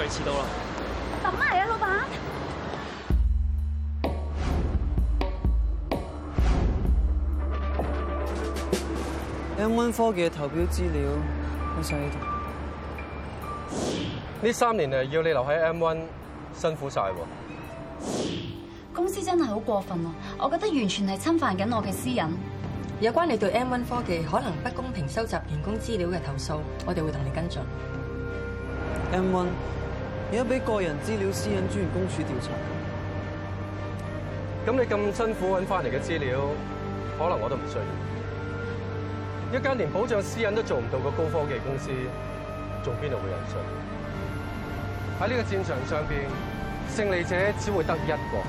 就遲到啦！咁係啊，老闆。1 M1 科技嘅投標資料想上邊。呢三年嚟要你留喺 M1，辛苦晒喎。公司真係好過分啊！我覺得完全係侵犯緊我嘅私隱。有關你對 M1 科技可能不公平收集員工資料嘅投訴，我哋會同你跟進。1 M1。而家俾個人資料私隱專員公署調查的，咁你咁辛苦揾翻嚟嘅資料，可能我都唔需要。一間連保障私隱都做唔到嘅高科技公司，仲邊度會有人信？喺呢個戰場上邊，勝利者只會得一個。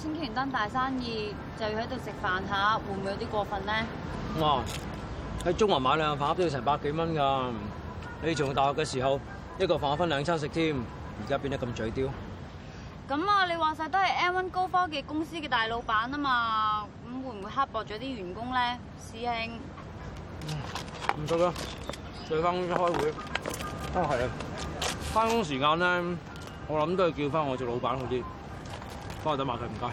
先結完單大生意，就要喺度食飯嚇，會唔會有啲過分咧？哇！喺中環買兩盒飯都要成百幾蚊㗎，你仲大學嘅時候一個飯盒分兩餐食添，而家變得咁嘴刁。咁啊，你話晒都係 M1 高科技公司嘅大老闆啊嘛，咁會唔會刻薄咗啲員工咧，師兄？唔使啦，對翻公司開會。都係啊，翻工時間咧，我諗都係叫翻我做老闆好啲。幫我等埋佢，唔該。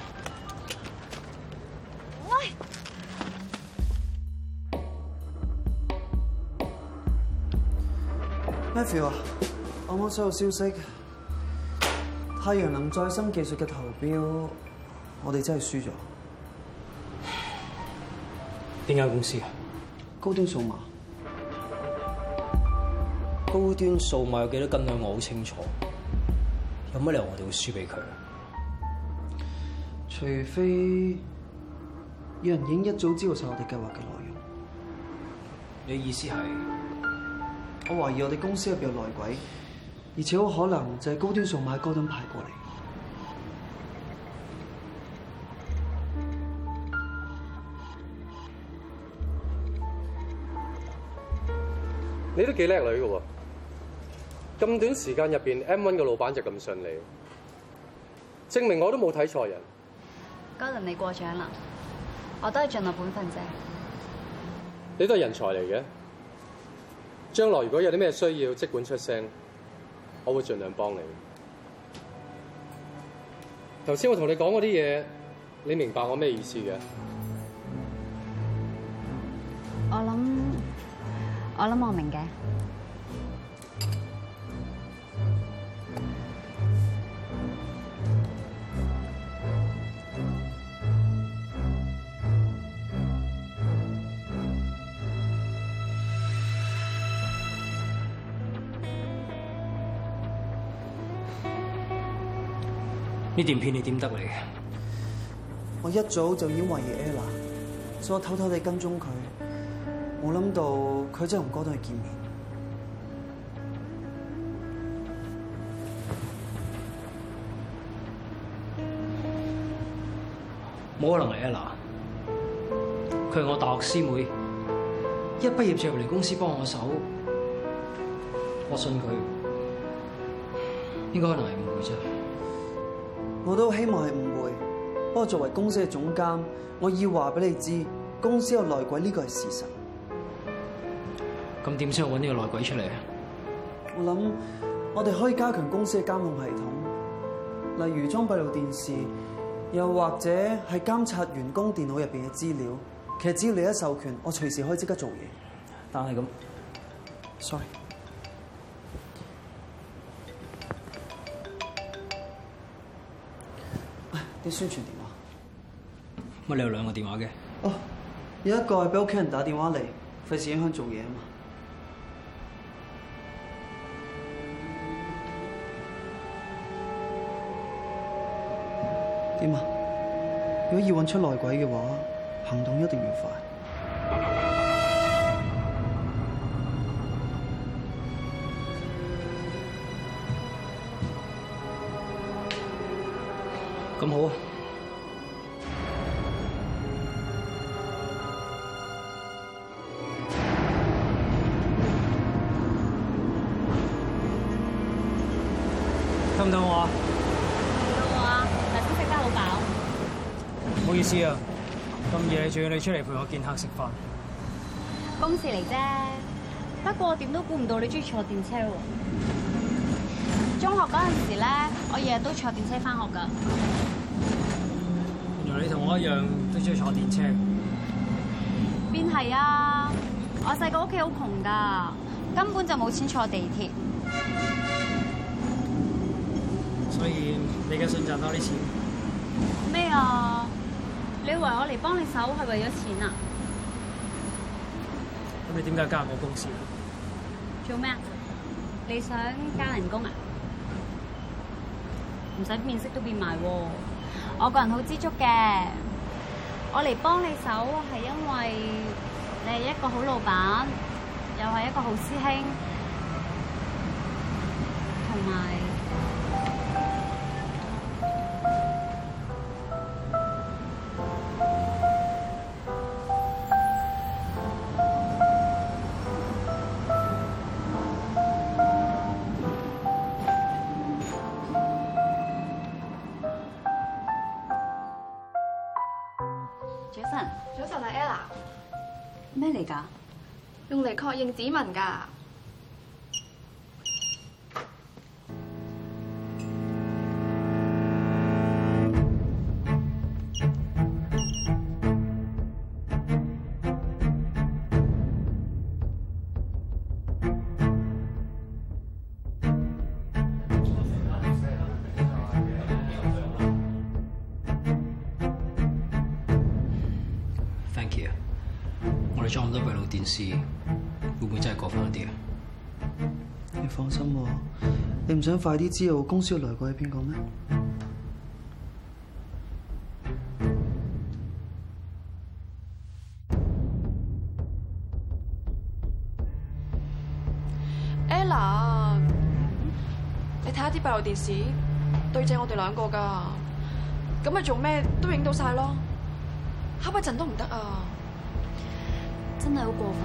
喂，Matthew 啊，我剛收到消息，太陽能再生技術嘅投標，我哋真係輸咗。邊間公司啊？高端數碼。高端數碼有幾多斤兩？我好清楚。有乜理由我哋會輸俾佢啊？除非有人影一早知道晒我哋計劃嘅內容。你意思係我懷疑我哋公司入邊有內鬼，而且好可能就係高端數碼買高端牌過嚟。你都幾叻女嘅，咁短時間入邊，M1 嘅老闆就咁順利，證明我都冇睇錯人。高林，你過獎啦，我都係盡我本分啫。你都係人才嚟嘅，將來如果有啲咩需要，即管出聲，我會盡量幫你。頭先我同你講嗰啲嘢，你明白我咩意思嘅？我諗，我諗我明嘅。呢段片你點得嚟？我一早就已經懷疑 Ella，所以我偷偷地跟蹤佢。冇諗到佢真係同哥仔見面，冇可能係 Ella。佢係我大學師妹，一畢業就入嚟公司幫我手，我信佢，應該可能係誤會啫。我都希望係誤會，不過作為公司嘅總監，我要話俾你知，公司有內鬼呢個係事實。咁點先去揾呢個內鬼出嚟啊？我諗我哋可以加強公司嘅監控系統，例如裝閉路電視，又或者係監察員工電腦入邊嘅資料。其實只要你一授權，我隨時可以即刻做嘢。但係咁，Sorry。宣傳電話？乜你有兩個電話嘅？哦，oh, 有一個係俾屋企人打電話嚟，費事影響做嘢啊嘛。點啊？如果要揾出內鬼嘅話，行動一定要快。好啊，見到我？見到我，大家食得好飽。唔好意思啊，咁夜仲要你出嚟陪我見客食飯。公事嚟啫，不過點都估唔到你中意坐電車喎。中學嗰陣時咧，我日日都坐電車返學㗎。你同我一樣都中意坐電車。邊係啊？我細個屋企好窮㗎，根本就冇錢坐地鐵。所以你梗係想賺多啲錢？咩啊？你以為我嚟幫你手係為咗錢啊？咁你點解加入我公司？做咩？你想加人工啊？唔使面色都變埋喎、啊。我個人好知足嘅，我嚟幫你手係因為你係一個好老闆，又係一個好師兄，同埋。Yes, 早晨，早晨啊，Ella，咩嚟？用嚟確認指紋㗎事會唔會真係過分一啲啊？你放心，你唔想快啲知道公司嘅來過係邊個咩？Ella，你睇下啲閉路電視，對正我哋兩個㗎，咁咪做咩都影到晒咯，黑一陣都唔得啊！真係好過分，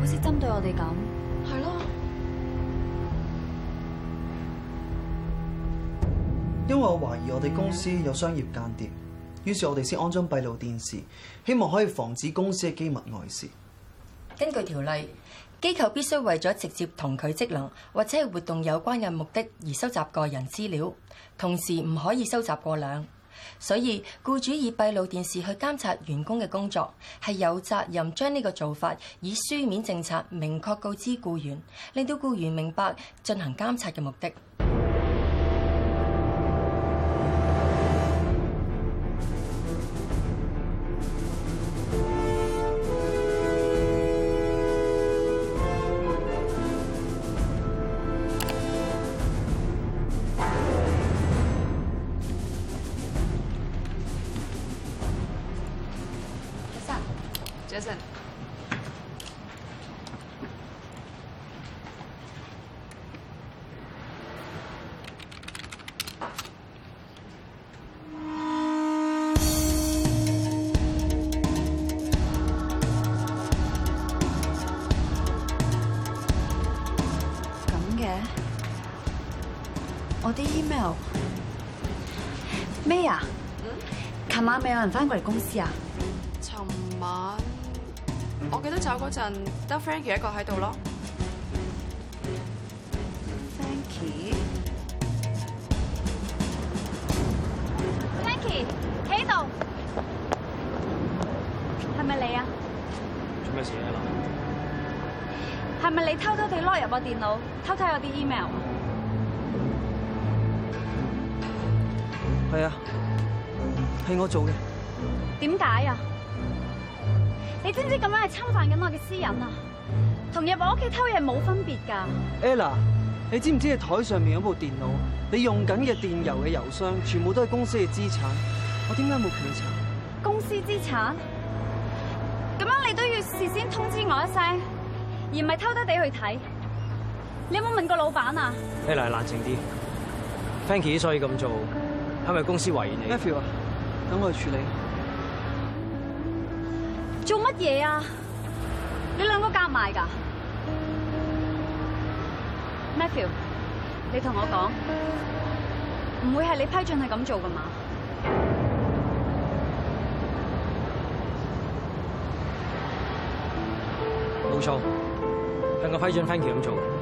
好似針對我哋咁，係咯？因為我懷疑我哋公司有商業間諜，於是我哋先安裝閉路電視，希望可以防止公司嘅機密外泄。根據條例，機構必須為咗直接同佢職能或者係活動有關嘅目的而收集個人資料，同時唔可以收集過量。所以，雇主以閉路電視去監察員工嘅工作，係有責任將呢個做法以書面政策明確告知雇員，令到雇員明白進行監察嘅目的。Jason，咁嘅，我啲 email 咩啊？琴、嗯、晚未有人返過嚟公司啊？記得走嗰陣，得 Frankie 一個喺度咯。Frankie，Frankie，喺度，係咪你啊？做咩事啊？係咪你偷偷哋 log 入我電腦，偷睇我啲 email 啊？係啊，係我做嘅。點解啊？你知唔知咁樣係侵犯緊我嘅私隱啊？同入我屋企偷嘢冇分別噶。Ella，你知唔知你台上面有部電腦，你用緊嘅電郵嘅郵箱，全部都係公司嘅資產，我點解冇權查？公司資產？咁樣你都要事先通知我一聲，而唔係偷偷地去睇。你有冇問過老闆啊？Ella，冷靜啲。Fankie 所以咁做，係咪公司懷疑你？Ella，等我去處理。做乜嘢啊？你兩個夾埋噶，Matthew，你同我講，唔會係你批准係咁做噶嘛？冇錯，係我批准 Fankie 咁做。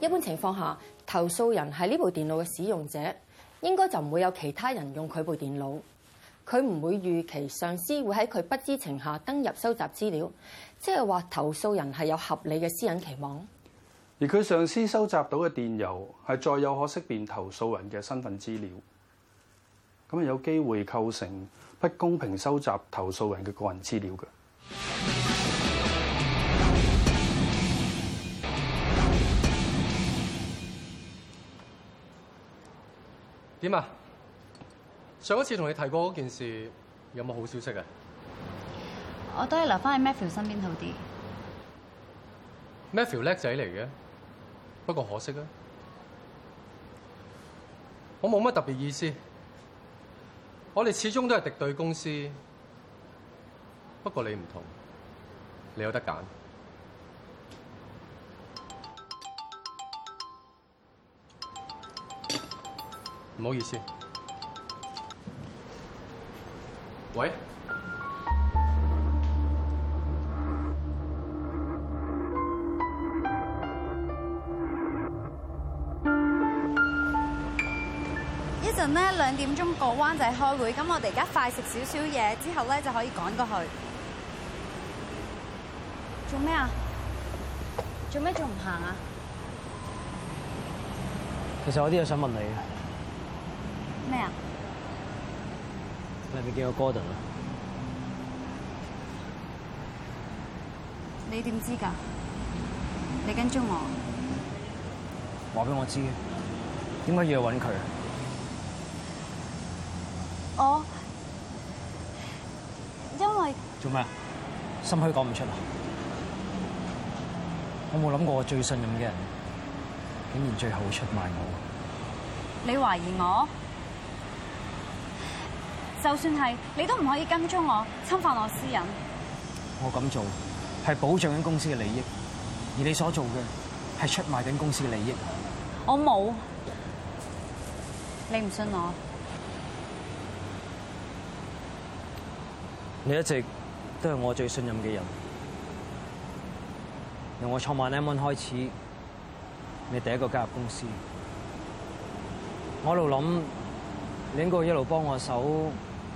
一般情況下，投訴人係呢部電腦嘅使用者，應該就唔會有其他人用佢部電腦。佢唔會預期上司會喺佢不知情下登入收集資料，即係話投訴人係有合理嘅私隱期望。而佢上司收集到嘅電郵係再有可識辨投訴人嘅身份資料，咁啊有機會構成不公平收集投訴人嘅個人資料嘅。點啊？上一次同你提過嗰件事，有冇好消息？我都係留返喺 Mat Matthew 身邊好啲。Matthew 叻仔嚟嘅，不過可惜啦。我冇乜特別意思。我哋始終都係敵對公司，不過你唔同，你有得揀。唔好意思，喂，一陣呢兩點鐘過灣仔開會，咁我哋而家快食少少嘢，之後咧就可以趕過去。做咩啊？做咩仲唔行啊？其實我有啲嘢想問你。咩啊？我咪見到 g o r 你點知噶？你跟住我？話俾我知，點解要揾佢？我因為做咩？心虛講唔出啊！我冇諗過，我最信任嘅人，竟然最後會出賣我。你懷疑我？就算係你都唔可以跟蹤我，侵犯我私隱。我咁做係保障緊公司嘅利益，而你所做嘅係出賣緊公司嘅利益。我冇，你唔信我？你一直都係我最信任嘅人，由我創辦 M1 開始，你第一個加入公司。我一路諗，你應該一路幫我手。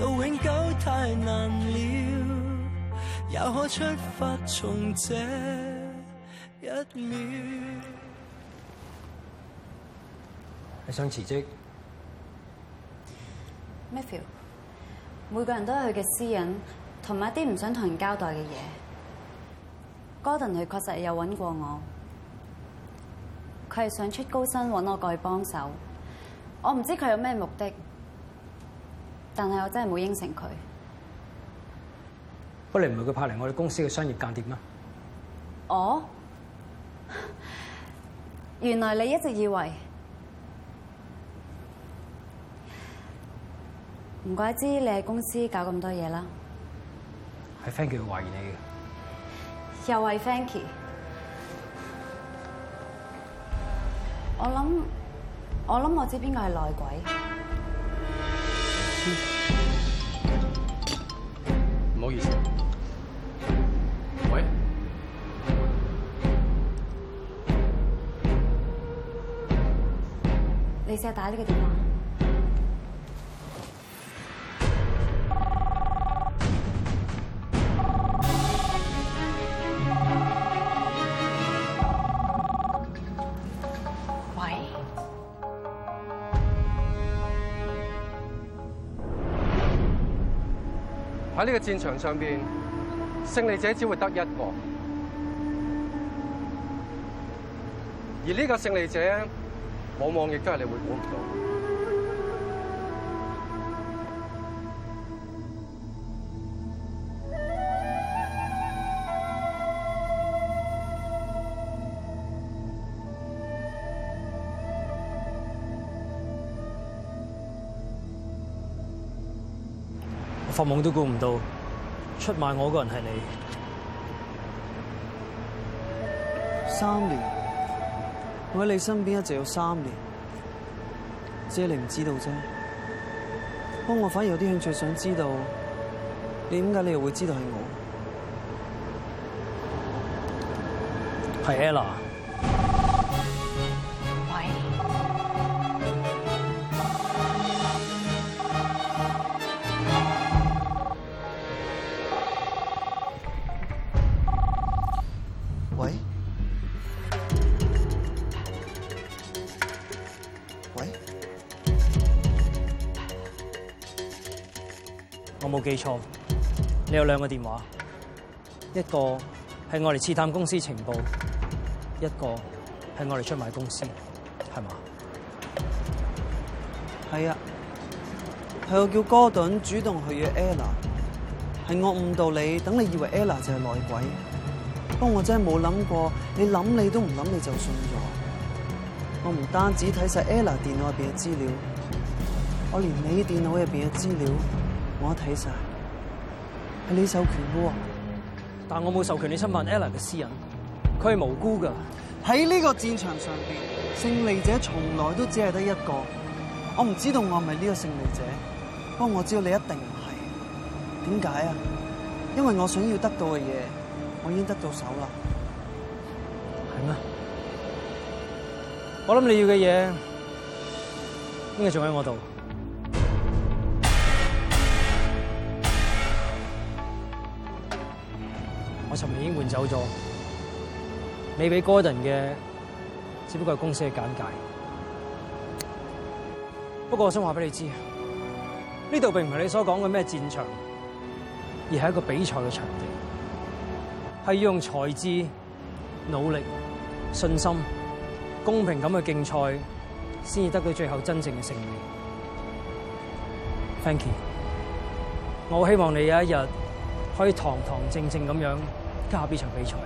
都永久太難了，可出發從這一秒你想辭職？Matthew，每個人都有他的私還有他嘅私隱，同埋一啲唔想同人交代嘅嘢。Gordon 佢確實有揾過我，佢係想出高薪揾我過去幫手，我唔知佢有咩目的。但係我真係冇應承佢。不，你唔係佢派嚟我哋公司嘅商業間諜咩？哦，原來你一直以為，唔怪之你喺公司搞咁多嘢啦。係 Fankie 的懷疑你嘅，又係 Fankie，我諗，我諗我知邊個係內鬼。唔好意思，喂，你試下打呢個電話。喺呢個戰場上勝利者只會得一個，而呢個勝利者，往往亦都係你會估唔到的。發夢都估唔到，出賣我個人係你。三年，我喺你身邊一直有三年，只係你唔知道啫。不過我反而有啲興趣想知道，點解你又會知道係我？係 Ella。冇記錯，你有兩個電話，一個係我嚟刺探公司情報，一個係我嚟出賣公司，係嘛？係啊，係我叫哥頓主動去約 Ella，係我誤導你，等你以為 Ella 就係內鬼，不過我真係冇諗過，你諗你都唔諗你就信咗，我唔單止睇晒 Ella 電腦入邊嘅資料，我連你電腦入邊嘅資料。我睇晒，係你授權嘅，但我冇授權你侵犯 Ella 嘅私隱，佢係無辜噶。喺呢個戰場上邊，勝利者從來都只係得一個。我唔知道我係咪呢個勝利者，不過我知道你一定唔係。點解啊？因為我想要得到嘅嘢，我已經得到手啦。係咩？我諗你要嘅嘢，應該仲喺我度。我尋日已經換走咗，你俾 Gordon 嘅，只不過係公司嘅簡介。不過我想話俾你知，呢度並唔係你所講嘅咩戰場，而係一個比賽嘅場地，係要用才智、努力、信心、公平咁嘅競賽，先至得到最後真正嘅勝利。Thank you，我希望你有一日可以堂堂正正咁樣下呢場比賽，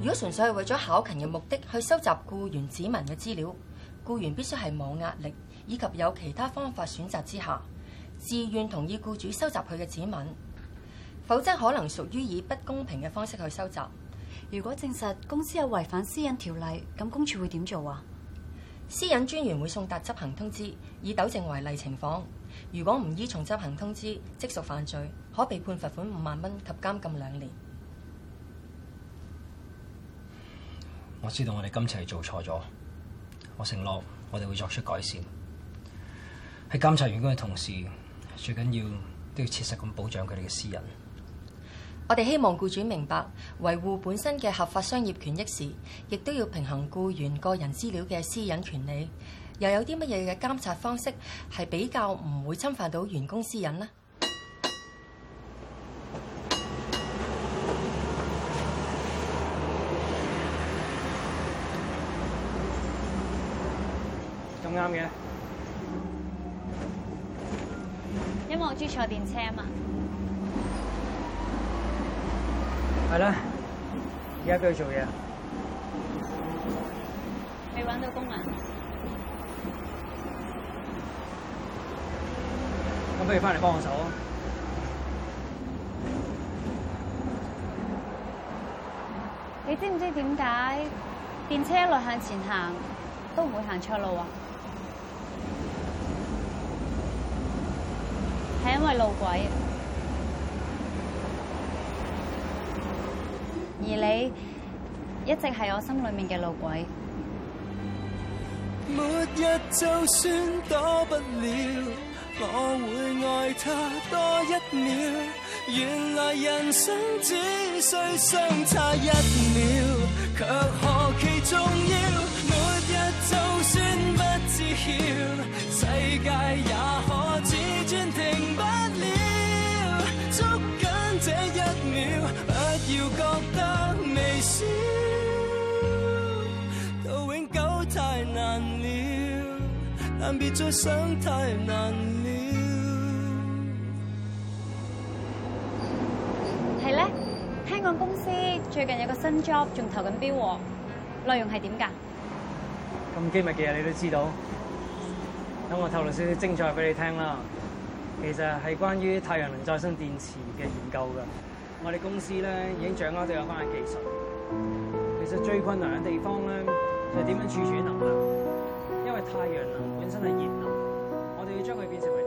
如果純粹係為咗考勤嘅目的去收集僱員指紋嘅資料，僱員必須係冇壓力，以及有其他方法選擇之下，自願同意僱主收集佢嘅指紋。否則可能屬於以不公平嘅方式去收集。如果證實公司有違反私隱條例，咁公署會點做啊？私隱專員會送達執行通知，以糾正違例情況。如果唔依從執行通知，即屬犯罪，可被判罰款五萬蚊及監禁兩年。我知道我哋今次係做錯咗，我承諾我哋會作出改善。喺監察員工嘅同時，最緊要都要切實咁保障佢哋嘅私隱。我哋希望雇主明白，維護本身嘅合法商業權益時，亦都要平衡僱員個人資料嘅私隱權利。又有啲乜嘢嘅監察方式係比較唔會侵犯到員工私隱呢？咁啱嘅，因為我中意坐電車啊嘛。係啦，而家都要做嘢，未搵到工啊？咁不如翻嚟幫我手啊！你知唔知點解電車一路向前行都唔會行錯路啊？係因為路軌。而你一直係我心裡面嘅路軌。末日就算躲不了，我會愛他多一秒。原來人生只需相差一秒，卻何其重要。末日就算不知曉，世界也太係咧，聽講公司最近有個新 job，仲投緊標，內容係點噶？咁機密嘅嘢你都知道，等我透露少少精彩俾你聽啦。其實係關於太陽能再生電池嘅研究噶。我哋公司咧，已經掌握咗有關嘅技術。其實最困難嘅地方咧，就係點樣儲存能量，因為太陽能啊。真係熱咯！我哋要將佢變成。